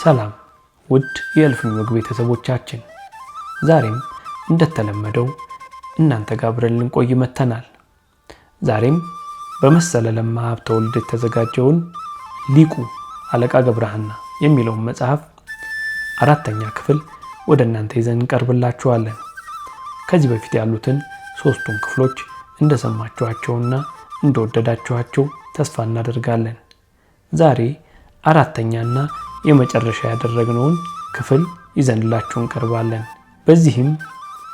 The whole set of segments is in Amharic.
ሰላም ውድ የእልፍኝ ምግብ ቤተሰቦቻችን፣ ዛሬም እንደተለመደው እናንተ ጋር አብረን ልንቆይ መጥተናል። ዛሬም በመሰለ ለማ ሀብተወልድ የተዘጋጀውን ሊቁ አለቃ ገብረሐና የሚለውን መጽሐፍ አራተኛ ክፍል ወደ እናንተ ይዘን እንቀርብላችኋለን። ከዚህ በፊት ያሉትን ሶስቱን ክፍሎች እንደሰማችኋቸውና እንደወደዳችኋቸው ተስፋ እናደርጋለን። ዛሬ አራተኛና የመጨረሻ ያደረግነውን ክፍል ይዘንላችሁ እንቀርባለን። በዚህም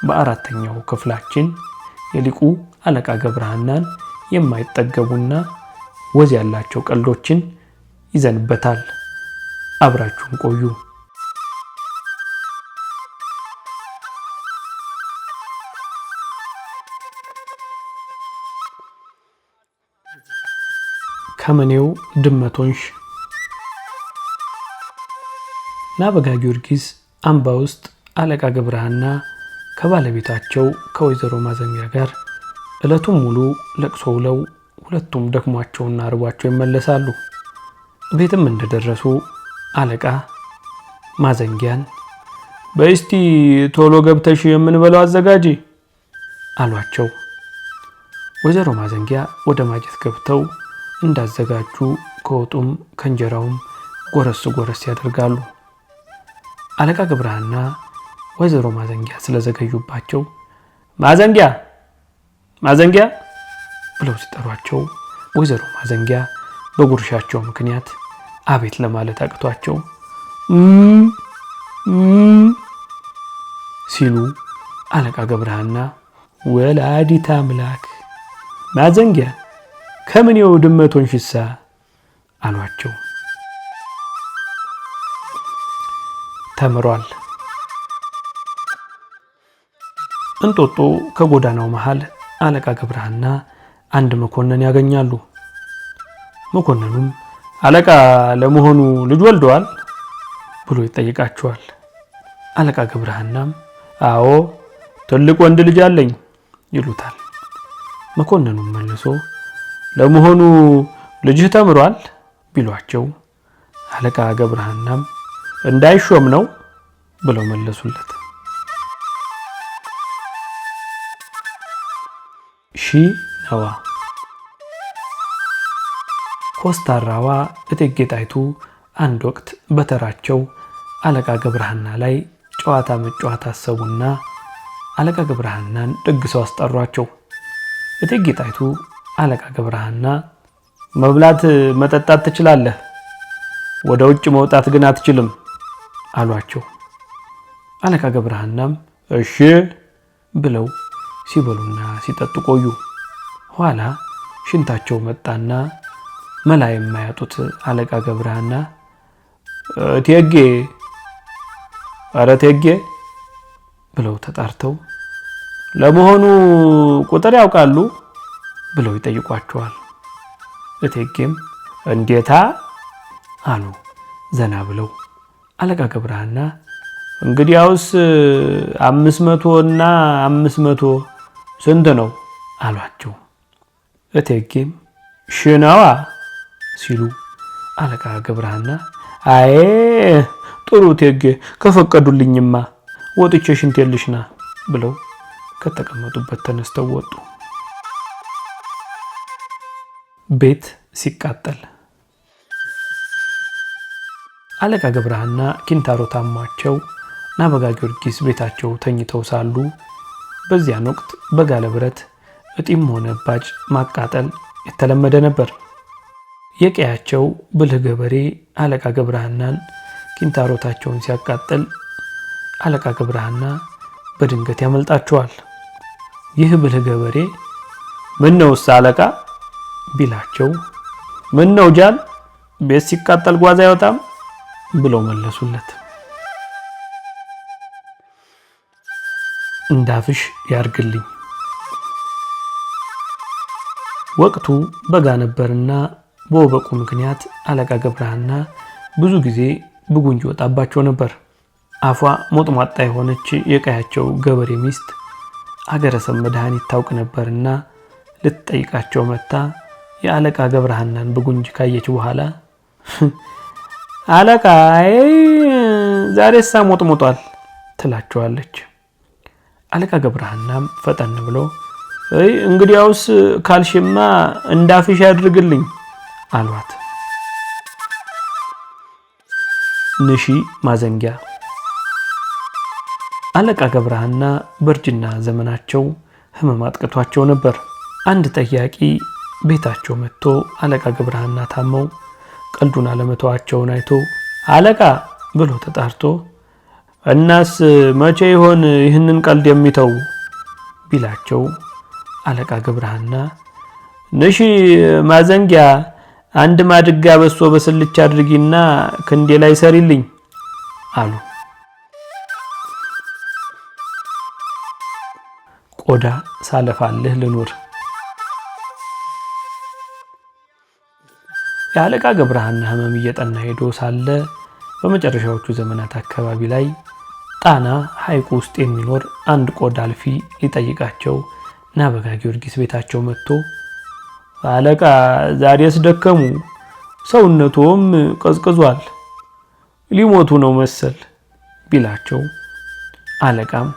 በአራተኛው ክፍላችን የሊቁ አለቃ ገብረሐናን የማይጠገቡና ወዝ ያላቸው ቀልዶችን ይዘንበታል። አብራችሁን ቆዩ። ከመኔው ድመቶንሽ ናበጋ ጊዮርጊስ አምባ ውስጥ አለቃ ገብረሃና ከባለቤታቸው ከወይዘሮ ማዘሚያ ጋር ዕለቱም ሙሉ ለቅሶ ውለው ሁለቱም ደክሟቸውና ርቧቸው ይመለሳሉ። ቤትም እንደደረሱ አለቃ ማዘንጊያን በይስቲ ቶሎ ገብተሽ የምንበለው አዘጋጂ አሏቸው። ወይዘሮ ማዘንጊያ ወደ ማጀት ገብተው እንዳዘጋጁ ከወጡም ከእንጀራውም ጎረስ ጎረስ ያደርጋሉ። አለቃ ገብረሃና ወይዘሮ ማዘንጊያ ስለዘገዩባቸው ማዘንጊያ ማዘንጊያ ብለው ሲጠሯቸው ወይዘሮ ማዘንጊያ በጉርሻቸው ምክንያት አቤት ለማለት አቅቷቸው ሲሉ አለቃ ገብረሃና ወላዲት አምላክ ማዘንጊያ ከምኔው ድመቶን ሽሳ አሏቸው። ተምሯል። እንጦጦ ከጎዳናው መሃል አለቃ ገብረሃና አንድ መኮንን ያገኛሉ። መኮንኑም አለቃ ለመሆኑ ልጅ ወልደዋል ብሎ ይጠይቃቸዋል። አለቃ ገብረሃናም አዎ ትልቅ ወንድ ልጅ አለኝ ይሉታል። መኮንኑም መልሶ ለመሆኑ ልጅህ ተምሯል ቢሏቸው አለቃ ገብረሃናም እንዳይሾም ነው ብለው መለሱለት። ሺ ነዋ ኮስታራዋ እቴጌ ጣይቱ አንድ ወቅት በተራቸው አለቃ ገብረሃና ላይ ጨዋታ መጫወት አሰቡና አለቃ ገብረሃናን ደግሰው አስጠሯቸው። እቴጌ ጣይቱ አለቃ ገብረሃና መብላት መጠጣት ትችላለህ፣ ወደ ውጭ መውጣት ግን አትችልም አሏቸው። አለቃ ገብረሃናም እሺ ብለው ሲበሉና ሲጠጡ ቆዩ። ኋላ ሽንታቸው መጣና መላ የማያጡት አለቃ ገብረሃና እቴጌ ኧረ እቴጌ ብለው ተጣርተው ለመሆኑ ቁጥር ያውቃሉ ብለው ይጠይቋቸዋል። እቴጌም እንዴታ አሉ ዘና ብለው አለቃ ገብረሃና እንግዲያውስ አምስት መቶ እና አምስት መቶ ስንት ነው አሏቸው። እቴጌም ሽናዋ ሲሉ አለቃ ገብረሃና አይ ጥሩ እቴጌ ከፈቀዱልኝማ ወጥቼ ሽንት ልሽና ብለው ከተቀመጡበት ተነስተው ወጡ። ቤት ሲቃጠል አለቃ ገብረሃና ኪንታሮ አሟቸው ናበጋ ጊዮርጊስ ቤታቸው ተኝተው ሳሉ በዚያን ወቅት በጋለ ብረት እጢም ሆነ ባጭ ማቃጠል የተለመደ ነበር። የቀያቸው ብልህ ገበሬ አለቃ ገብረሃናን ኪንታሮታቸውን ሲያቃጥል አለቃ ገብረሃና በድንገት ያመልጣቸዋል። ይህ ብልህ ገበሬ ምን ነውስ አለቃ ቢላቸው፣ ምን ነው ጃል ቤት ሲቃጠል ጓዝ አይወጣም ብለው መለሱለት። እንዳፍሽ ያርግልኝ። ወቅቱ በጋ ነበርና በወበቁ ምክንያት አለቃ ገብረሃና ብዙ ጊዜ ብጉንጅ ወጣባቸው ነበር። አፏ ሞጥሟጣ የሆነች የቀያቸው ገበሬ ሚስት አገረ ሰብ መድኃኒት ታውቅ ነበርና ልትጠይቃቸው መጥታ የአለቃ ገብረሃናን ብጉንጅ ካየች በኋላ አለቃዬ ዛሬ ሳ ሞጥሞጧል ትላቸዋለች። አለቃ ገብረሃናም ፈጠን ብሎ እይ እንግዲያውስ ካልሽማ እንዳፍሽ ያድርግልኝ አሏት። ንሺ ማዘንጊያ አለቃ ገብረሃና በእርጅና ዘመናቸው ህመም አጥቅቷቸው ነበር። አንድ ጠያቂ ቤታቸው መጥቶ አለቃ ገብረሃና ታመው ቀልዱን አለመተዋቸውን አይቶ አለቃ ብሎ ተጣርቶ እናስ መቼ ይሆን ይህንን ቀልድ የሚተው ቢላቸው አለቃ ገብረሃና ንሺ ማዘንጊያ አንድ ማድጋ በሶ በስልች አድርጊና ክንዴ ላይ ሰሪልኝ አሉ። ቆዳ ሳለፋልህ ልኑር የአለቃ ገብረሃና ህመም እየጠና ሄዶ ሳለ በመጨረሻዎቹ ዘመናት አካባቢ ላይ ጣና ሐይቁ ውስጥ የሚኖር አንድ ቆዳ አልፊ ሊጠይቃቸው ናበጋ ጊዮርጊስ ቤታቸው መጥቶ አለቃ ዛሬ ስደከሙ ሰውነቶም ቀዝቅዟል፣ ሊሞቱ ነው መሰል ቢላቸው አለቃም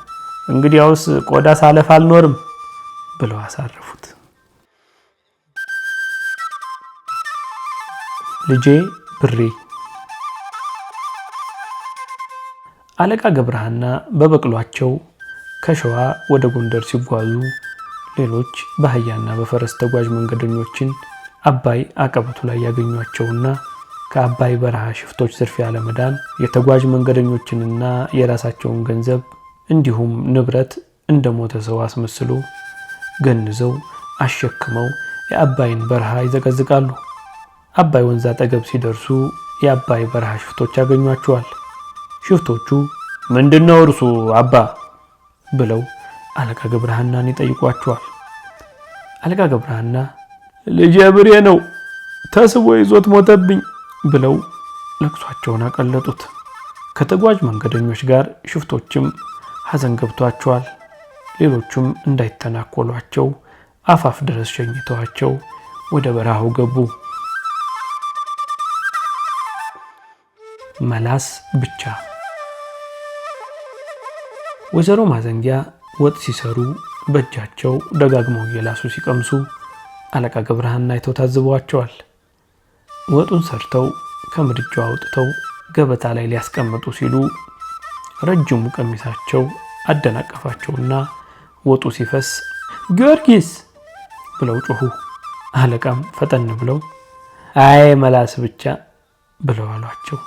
እንግዲያውስ ቆዳ ሳለፍ አልኖርም ብለው አሳረፉት። ልጄ ብሬ አለቃ ገብረሃና በበቅሏቸው ከሸዋ ወደ ጎንደር ሲጓዙ ሌሎች በአህያና በፈረስ ተጓዥ መንገደኞችን አባይ አቀበቱ ላይ ያገኟቸውና ከአባይ በረሃ ሽፍቶች ዝርፊያ ለመዳን የተጓዥ መንገደኞችንና የራሳቸውን ገንዘብ እንዲሁም ንብረት እንደ ሞተ ሰው አስመስሎ ገንዘው አሸክመው የአባይን በረሃ ይዘቀዝቃሉ። አባይ ወንዝ አጠገብ ሲደርሱ የአባይ በረሃ ሽፍቶች ያገኟቸዋል። ሽፍቶቹ ምንድነው እርሱ አባ ብለው አለቃ ገብረሃናን ይጠይቋቸዋል። አለቃ ገብረሃና ልጄ ብሬ ነው ተስቦ ይዞት ሞተብኝ ብለው ለቅሷቸውን አቀለጡት። ከተጓዥ መንገደኞች ጋር ሽፍቶችም ሐዘን ገብቷቸዋል። ሌሎቹም እንዳይተናኮሏቸው አፋፍ ድረስ ሸኝተዋቸው ወደ በረሃው ገቡ። መላስ ብቻ። ወይዘሮ ማዘንጊያ ወጥ ሲሰሩ በእጃቸው ደጋግመው እየላሱ ሲቀምሱ አለቃ ገብረሃና አይተው ታዝበዋቸዋል። ወጡን ሰርተው ከምድጃው አውጥተው ገበታ ላይ ሊያስቀምጡ ሲሉ ረጅሙ ቀሚሳቸው አደናቀፋቸውና ወጡ ሲፈስ ጊዮርጊስ ብለው ጮኹ። አለቃም ፈጠን ብለው አይ መላስ ብቻ ብለው አሏቸው።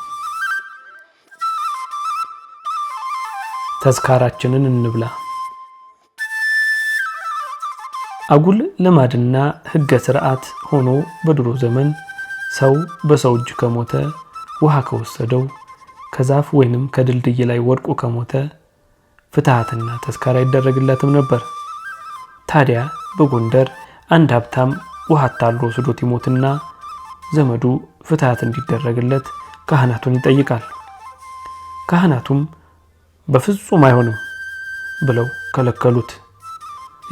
ተዝካራችንን እንብላ። አጉል ልማድና ሕገ ስርዓት ሆኖ በድሮ ዘመን ሰው በሰው እጅ ከሞተ፣ ውሃ ከወሰደው፣ ከዛፍ ወይንም ከድልድይ ላይ ወድቆ ከሞተ ፍትሃትና ተስካራ አይደረግለትም ነበር። ታዲያ በጎንደር አንድ ሀብታም ውሃ ታሎ ወስዶት ይሞትና ዘመዱ ፍትሃት እንዲደረግለት ካህናቱን ይጠይቃል። ካህናቱም በፍጹም አይሆንም ብለው ከለከሉት።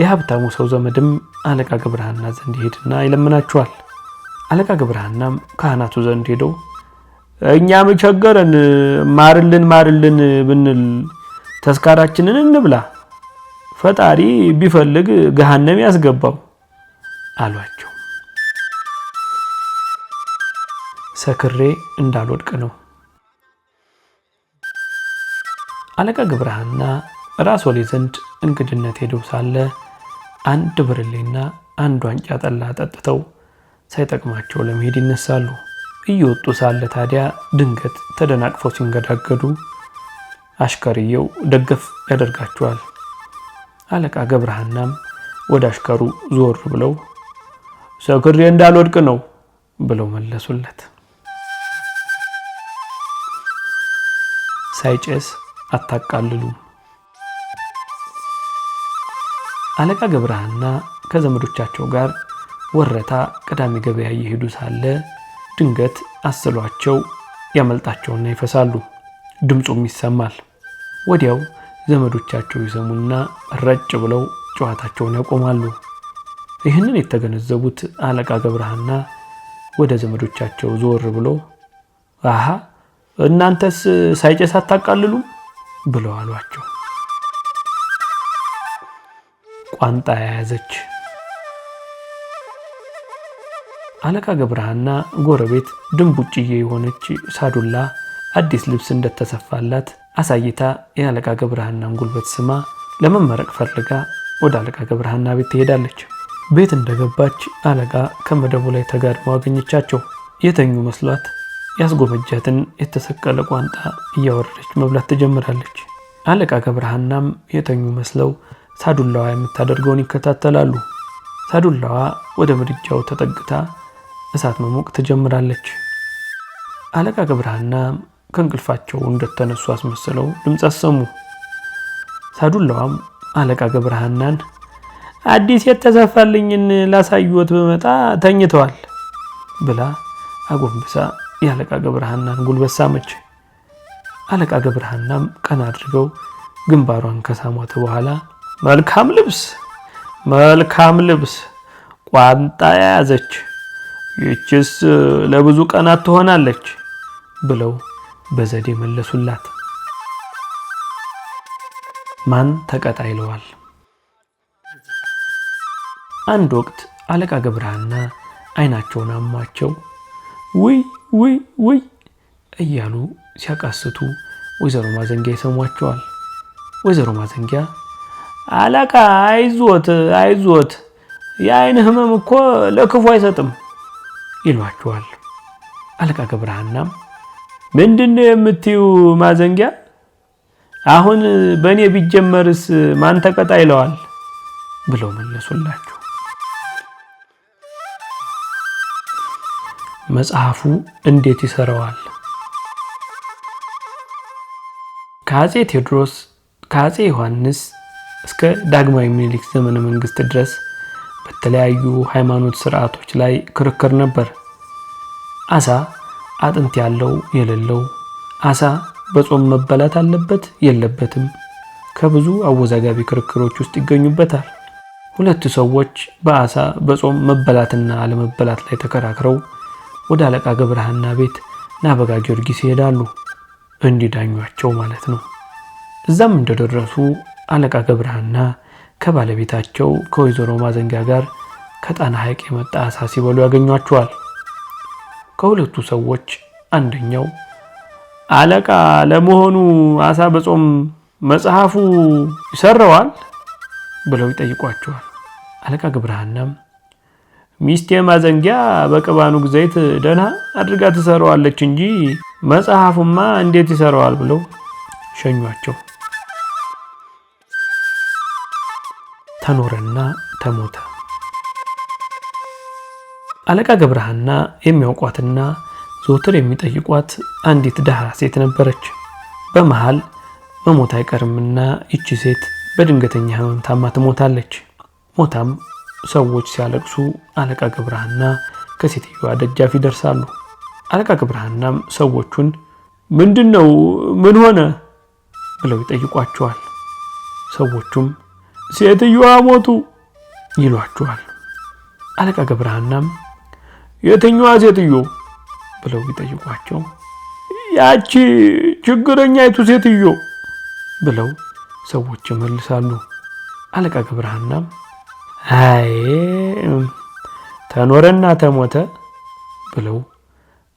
የሀብታሙ ሰው ዘመድም አለቃ ገብረሃና ዘንድ ይሄድና ይለምናቸዋል። አለቃ ገብረሃናም ካህናቱ ዘንድ ሄደው እኛም ቸገረን፣ ማርልን ማርልን ብንል ተስካራችንን እንብላ፣ ፈጣሪ ቢፈልግ ገሃነም ያስገባው አሏቸው። ሰክሬ እንዳልወድቅ ነው። አለቃ ግብረሃና ራስ ወሌ ዘንድ እንግድነት ሄደው ሳለ አንድ ብርሌና አንድ ዋንጫ ጠላ ጠጥተው ሳይጠቅማቸው ለመሄድ ይነሳሉ። እየወጡ ሳለ ታዲያ ድንገት ተደናቅፈው ሲንገዳገዱ አሽከርየው ደገፍ ያደርጋቸዋል። አለቃ ገብረሃናም ወደ አሽከሩ ዞር ብለው ሰክሬ እንዳልወድቅ ነው ብለው መለሱለት። ሳይጨስ አታቃልሉ። አለቃ ገብረሃና ከዘመዶቻቸው ጋር ወረታ ቅዳሜ ገበያ እየሄዱ ሳለ ድንገት አስሏቸው ያመልጣቸውና ይፈሳሉ። ድምፁም ይሰማል። ወዲያው ዘመዶቻቸው ይሰሙና ረጭ ብለው ጨዋታቸውን ያቆማሉ። ይህንን የተገነዘቡት አለቃ ገብረሃና ወደ ዘመዶቻቸው ዞር ብሎ አሃ እናንተስ ሳይጨስ አታቃልሉም? ብለው አሏቸው። ቋንጣ የያዘች አለቃ ገብረሃና ጎረቤት ድንቡጭዬ የሆነች ሳዱላ አዲስ ልብስ እንደተሰፋላት አሳይታ የአለቃ ገብረሃናን ጉልበት ስማ ለመመረቅ ፈልጋ ወደ አለቃ ገብረሃና ቤት ትሄዳለች። ቤት እንደገባች አለቃ ከመደቡ ላይ ተጋድመው አገኘቻቸው። የተኙ መስሏት ያስጎመጃትን የተሰቀለ ቋንጣ እያወረደች መብላት ትጀምራለች። አለቃ ገብረሃናም የተኙ መስለው ሳዱላዋ የምታደርገውን ይከታተላሉ። ሳዱላዋ ወደ ምድጃው ተጠግታ እሳት መሞቅ ትጀምራለች። አለቃ ገብረሃና ከእንቅልፋቸው እንደተነሱ አስመስለው ድምፅ አሰሙ። ሳዱላዋም አለቃ ገብረሃናን አዲስ የተሰፋልኝን ላሳይዎት በመጣ ተኝተዋል ብላ አጎንብሳ የአለቃ ገብረሃናን ጉልበት ሳመች። አለቃ ገብረሃናም ቀና አድርገው ግንባሯን ከሳሟት በኋላ መልካም ልብስ መልካም ልብስ ቋንጣ የያዘች ይችስ ለብዙ ቀናት ትሆናለች ብለው በዘዴ መለሱላት። ማን ተቀጣ ይለዋል። አንድ ወቅት አለቃ ገብረሃና አይናቸውን አሟቸው ውይ ውይ ውይ እያሉ ሲያቃስቱ ወይዘሮ ማዘንጊያ ይሰሟቸዋል። ወይዘሮ ማዘንጊያ አለቃ አይዞት አይዞት የአይን ህመም እኮ ለክፉ አይሰጥም ይሏቸዋል። አለቃ ገብረሃናም ምንድን ነው የምትዩ ማዘንጊያ? አሁን በእኔ ቢጀመርስ ማን ተቀጣ ይለዋል ብለው መለሱላቸው። መጽሐፉ እንዴት ይሰራዋል? ከአጼ ቴዎድሮስ ከአጼ ዮሐንስ እስከ ዳግማዊ ምኒልክ ዘመነ መንግስት ድረስ በተለያዩ ሃይማኖት ስርዓቶች ላይ ክርክር ነበር። አሳ አጥንት ያለው የሌለው፣ አሳ በጾም መበላት አለበት የለበትም፣ ከብዙ አወዛጋቢ ክርክሮች ውስጥ ይገኙበታል። ሁለቱ ሰዎች በአሳ በጾም መበላትና አለመበላት ላይ ተከራክረው ወደ አለቃ ገብረሃና ቤት ናበጋ ጊዮርጊስ ይሄዳሉ፣ እንዲዳኟቸው ማለት ነው። እዛም እንደደረሱ አለቃ ገብረሃና ከባለቤታቸው ከወይዘሮ ማዘንጊያ ጋር ከጣና ሐይቅ የመጣ አሳ ሲበሉ ያገኟቸዋል። ከሁለቱ ሰዎች አንደኛው አለቃ ለመሆኑ አሳ በጾም መጽሐፉ ይሰራዋል? ብለው ይጠይቋቸዋል። አለቃ ገብረሃናም ሚስቴ ማዘንጊያ በቅባኑግ ዘይት ደህና አድርጋ ትሰራዋለች እንጂ መጽሐፉማ እንዴት ይሰራዋል ብለው ሸኟቸው። ተኖረና ተሞተ። አለቃ ገብረሃና የሚያውቋትና ዞትር የሚጠይቋት አንዲት ደሃ ሴት ነበረች። በመሃል መሞት አይቀርምና ይቺ ሴት በድንገተኛ ሕመም ታማ ትሞታለች። ሞታም ሰዎች ሲያለቅሱ አለቃ ገብረሃና ከሴትዮዋ ደጃፍ ይደርሳሉ። አለቃ ገብረሃናም ሰዎቹን ምንድን ነው ምን ሆነ ብለው ይጠይቋቸዋል። ሰዎቹም ሴትዮዋ ሞቱ ይሏቸዋል። አለቃ ገብረሃናም የትኛዋ ሴትዮ ብለው ይጠይቋቸው ያቺ ችግረኛይቱ ሴትዮ ብለው ሰዎች ይመልሳሉ። አለቃ ገብረሃናም አይ ተኖረና ተሞተ ብለው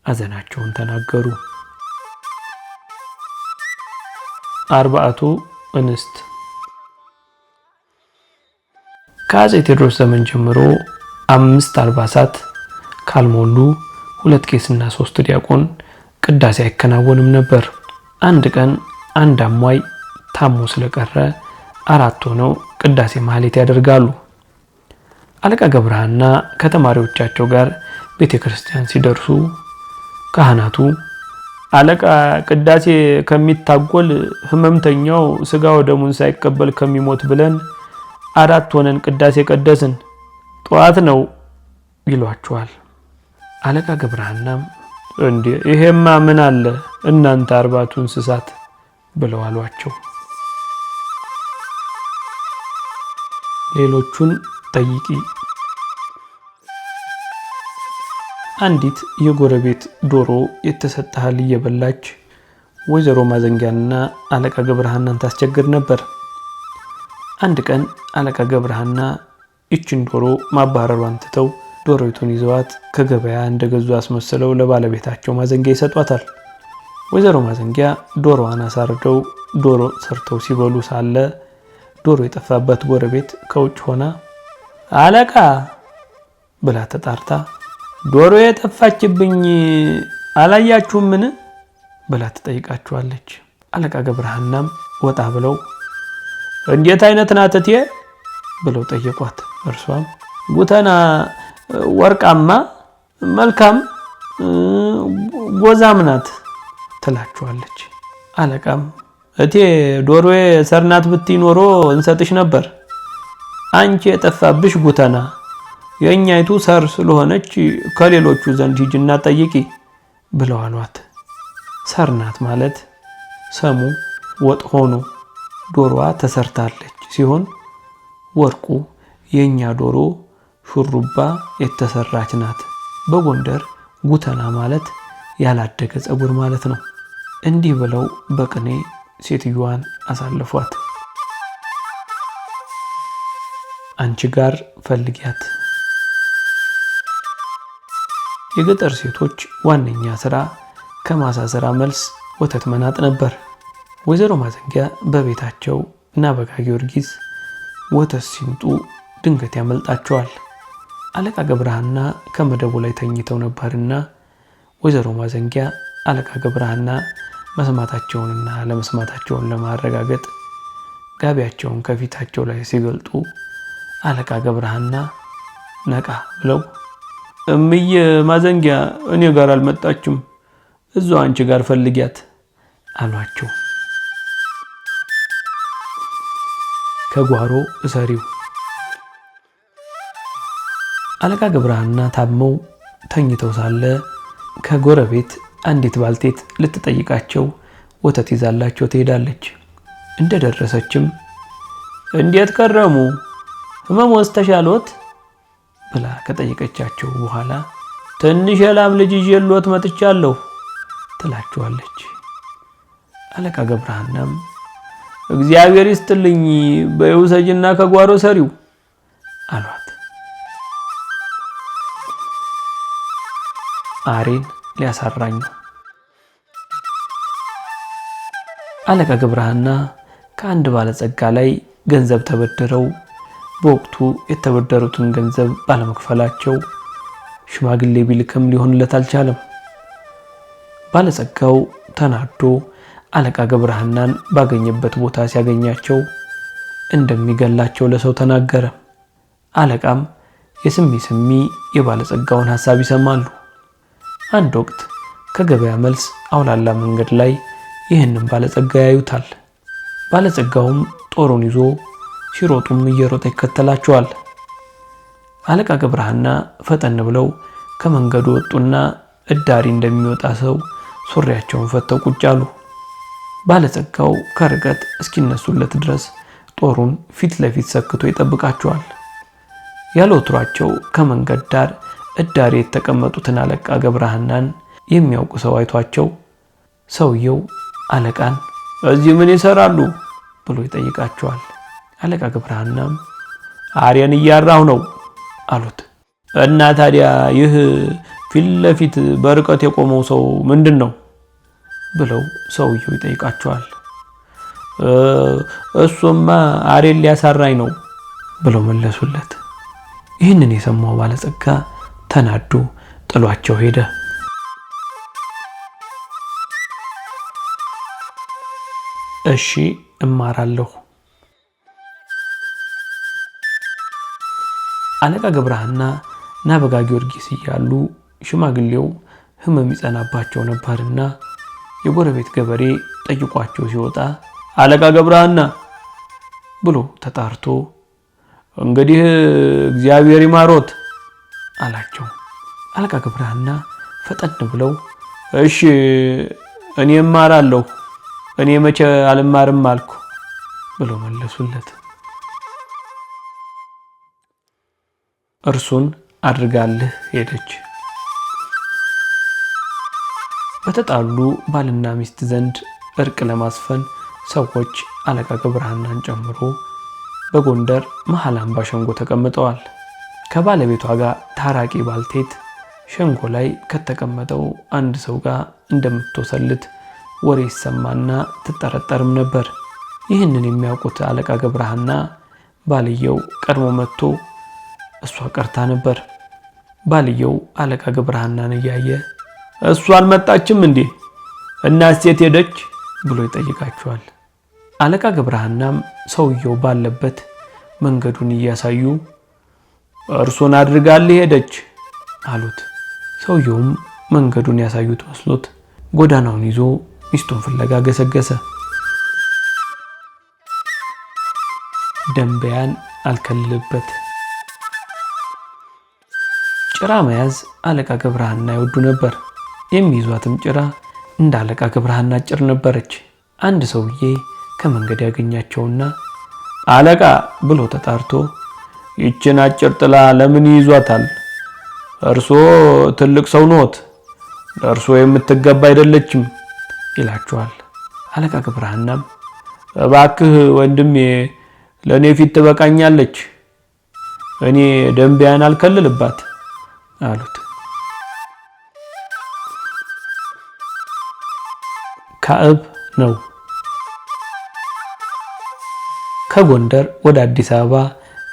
አዘናቸውን ተናገሩ። አርባዕቱ እንስት ከአፄ ቴዎድሮስ ዘመን ጀምሮ አምስት አልባሳት ካልሞሉ ሁለት ቄስና ሶስት ዲያቆን ቅዳሴ አይከናወንም ነበር። አንድ ቀን አንድ አሟይ ታሞ ስለቀረ አራት ሆነው ቅዳሴ ማህሌት ያደርጋሉ። አለቃ ገብረሃና ከተማሪዎቻቸው ጋር ቤተ ክርስቲያን ሲደርሱ ካህናቱ አለቃ ቅዳሴ ከሚታጎል ህመምተኛው ስጋ ወደሙን ሳይቀበል ከሚሞት ብለን አራት ሆነን ቅዳሴ ቀደስን፣ ጠዋት ነው ይሏቸዋል። አለቃ ገብረሃናም እንዴ ይሄማ ምን አለ እናንተ አርባቱ እንስሳት ብለው አሏቸው። ሌሎቹን ጠይቂ። አንዲት የጎረቤት ዶሮ የተሰጠሃል እየበላች ወይዘሮ ማዘንጊያና አለቃ ገብረሃናን ታስቸግር ነበር። አንድ ቀን አለቃ ገብረሃና ይችን ዶሮ ማባረሯን ትተው ዶሮይቱን ይዘዋት ከገበያ እንደገዙ አስመስለው ለባለቤታቸው ማዘንጊያ ይሰጧታል። ወይዘሮ ማዘንጊያ ዶሮዋን አሳርደው ዶሮ ሰርተው ሲበሉ ሳለ ዶሮ የጠፋበት ጎረቤት ከውጭ ሆና አለቃ ብላ ተጣርታ ዶሮ የጠፋችብኝ ምን ብላ ትጠይቃችኋለች። አለቃ ገብረሃናም ወጣ ብለው እንዴት አይነት ናት እቴ ብለው ጠየቋት። እርሷም ጉተና፣ ወርቃማ፣ መልካም፣ ጎዛም ናት ትላችኋለች። አለቃም እቴ ዶሮዬ ሰርናት ብትኖሮ እንሰጥሽ ነበር አንቺ የጠፋብሽ ጉተና የእኛይቱ ሰር ስለሆነች ከሌሎቹ ዘንድ ሂጅና ጠይቂ ብለው አሏት። ሰር ናት ማለት ሰሙ ወጥ ሆኖ ዶሮዋ ተሰርታለች ሲሆን ወርቁ የእኛ ዶሮ ሹሩባ የተሰራች ናት። በጎንደር ጉተና ማለት ያላደገ ጸጉር ማለት ነው። እንዲህ ብለው በቅኔ ሴትዮዋን አሳልፏት። አንቺ ጋር ፈልጊያት። የገጠር ሴቶች ዋነኛ ስራ ከማሳ ስራ መልስ ወተት መናጥ ነበር። ወይዘሮ ማዘንጊያ በቤታቸው እና በጋ ጊዮርጊስ ወተት ሲምጡ ድንገት ያመልጣቸዋል። አለቃ ገብረሃና ከመደቡ ላይ ተኝተው ነበርና ወይዘሮ ማዘንጊያ አለቃ ገብረሃና መስማታቸውንና ለመስማታቸውን ለማረጋገጥ ጋቢያቸውን ከፊታቸው ላይ ሲገልጡ አለቃ ገብረሃና ነቃ ብለው እምዬ ማዘንጊያ እኔ ጋር አልመጣችም፣ እዙ አንቺ ጋር ፈልጊያት አሏቸው። ከጓሮ እሰሪው አለቃ ገብረሃና ታመው ተኝተው ሳለ ከጎረቤት አንዲት ባልቴት ልትጠይቃቸው ወተት ይዛላቸው ትሄዳለች። እንደደረሰችም እንዴት ከረሙ ህመም ተሻሎት ብላ ከጠየቀቻቸው በኋላ ትንሽ የላም ልጅ ይዤልዎት መጥቻለሁ ትላችኋለች። አለቃ ገብረሃናም እግዚአብሔር ይስጥልኝ በይውሰጅና ከጓሮ ሰሪው አሏት። አሬን ሊያሳራኝ ነው። አለቃ ገብረሃና ከአንድ ባለጸጋ ላይ ገንዘብ ተበድረው በወቅቱ የተበደሩትን ገንዘብ ባለመክፈላቸው ሽማግሌ ቢልክም ሊሆንለት አልቻለም። ባለጸጋው ተናዶ አለቃ ገብረሃናን ባገኘበት ቦታ ሲያገኛቸው እንደሚገላቸው ለሰው ተናገረ። አለቃም የስሚ ስሚ የባለጸጋውን ሐሳብ ይሰማሉ። አንድ ወቅት ከገበያ መልስ አውላላ መንገድ ላይ ይህንን ባለጸጋ ያዩታል። ባለጸጋውም ጦሩን ይዞ ሲሮጡም እየሮጠ ይከተላቸዋል። አለቃ ገብረሃና ፈጠን ብለው ከመንገዱ ወጡና እዳሪ እንደሚወጣ ሰው ሱሪያቸውን ፈተው ቁጭ አሉ። ባለጸጋው ከርቀት እስኪነሱለት ድረስ ጦሩን ፊት ለፊት ሰክቶ ይጠብቃቸዋል። ያለወትሯቸው ከመንገድ ዳር እዳሪ የተቀመጡትን አለቃ ገብረሃናን የሚያውቁ ሰው አይቷቸው ሰውየው አለቃን እዚህ ምን ይሰራሉ ብሎ ይጠይቃቸዋል። አለቃ ገብረሐናም አርያን እያራሁ ነው አሉት። እና ታዲያ ይህ ፊት ለፊት በርቀት የቆመው ሰው ምንድን ነው ብለው ሰውየው ይጠይቃቸዋል። እሱማ አሬን ሊያሳራኝ ነው ብለው መለሱለት። ይህንን የሰማው ባለጸጋ ተናዶ ጥሏቸው ሄደ። እሺ እማራለሁ አለቃ ገብረሃና ናበጋ ጊዮርጊስ እያሉ ሽማግሌው ህመም ይጸናባቸው ነበርና የጎረቤት ገበሬ ጠይቋቸው ሲወጣ አለቃ ገብረሃና ብሎ ተጣርቶ እንግዲህ እግዚአብሔር ይማሮት አላቸው። አለቃ ገብረሃና ፈጠን ብለው እሺ እኔ እማራለሁ፣ እኔ መቼ አልማርም አልኩ ብለው መለሱለት። እርሱን አድርጋልህ ሄደች። በተጣሉ ባልና ሚስት ዘንድ እርቅ ለማስፈን ሰዎች አለቃ ገብረሐናን ጨምሮ በጎንደር መሀል አምባ ሸንጎ ተቀምጠዋል። ከባለቤቷ ጋር ታራቂ ባልቴት ሸንጎ ላይ ከተቀመጠው አንድ ሰው ጋር እንደምትወሰልት ወሬ ይሰማና ትጠረጠርም ነበር። ይህንን የሚያውቁት አለቃ ገብረሐና ባልየው ቀድሞ መጥቶ እሷ ቀርታ ነበር። ባልየው አለቃ ገብረሃናን እያየ እሷ አልመጣችም እንዴ እና ሴት ሄደች ብሎ ይጠይቃቸዋል። አለቃ ገብረሃናም ሰውየው ባለበት መንገዱን እያሳዩ እርሶን አድርጋል ሄደች አሉት። ሰውየውም መንገዱን ያሳዩት መስሎት ጎዳናውን ይዞ ሚስቱን ፍለጋ ገሰገሰ። ደንበያን አልከልልበት ጭራ መያዝ አለቃ ገብረሃና ይወዱ ነበር። የሚይዟትም ጭራ እንደ አለቃ ገብረሃና አጭር ነበረች። አንድ ሰውዬ ከመንገድ ያገኛቸውና አለቃ ብሎ ተጣርቶ ይችን አጭር ጥላ ለምን ይይዟታል እርሶ ትልቅ ሰው ኖት፣ ለእርሶ የምትገባ አይደለችም ይላቸዋል። አለቃ ገብረሃናም እባክህ ወንድሜ ለእኔ ፊት ትበቃኛለች፣ እኔ ደንቢያን አልከልልባት አሉት። ካዕብ ነው። ከጎንደር ወደ አዲስ አበባ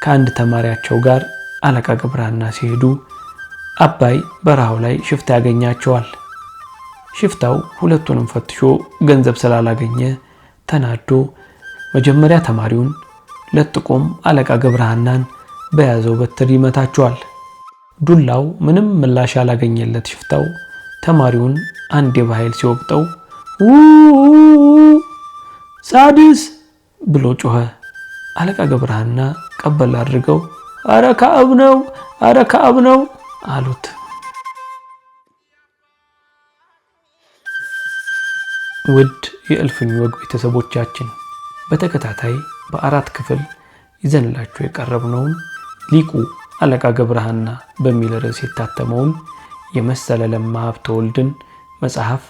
ከአንድ ተማሪያቸው ጋር አለቃ ገብረሐና ሲሄዱ አባይ በረሃው ላይ ሽፍታ ያገኛቸዋል። ሽፍታው ሁለቱንም ፈትሾ ገንዘብ ስላላገኘ ተናዶ መጀመሪያ ተማሪውን ለጥቆም አለቃ ገብረሐናን በያዘው በትር ይመታቸዋል። ዱላው ምንም ምላሽ ያላገኘለት ሽፍታው ተማሪውን አንዴ በኃይል ሲወቅጠው ሳድስ ብሎ ጮኸ። አለቃ ገብረሃና ቀበል አድርገው አረ ከአብ ነው፣ አረ ከአብ ነው አሉት። ውድ የእልፍኝ ወግ ቤተሰቦቻችን በተከታታይ በአራት ክፍል ይዘንላችሁ የቀረብነውን ሊቁ አለቃ ገብረሃና በሚል ርዕስ የታተመውን የመሰለ ለማ ሀብተወልድን መጽሐፍ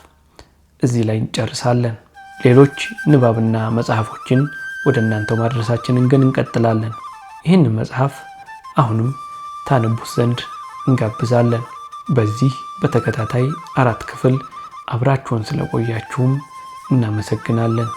እዚህ ላይ እንጨርሳለን። ሌሎች ንባብና መጽሐፎችን ወደ እናንተው ማድረሳችንን ግን እንቀጥላለን። ይህንን መጽሐፍ አሁንም ታነቡት ዘንድ እንጋብዛለን። በዚህ በተከታታይ አራት ክፍል አብራችሁን ስለቆያችሁም እናመሰግናለን።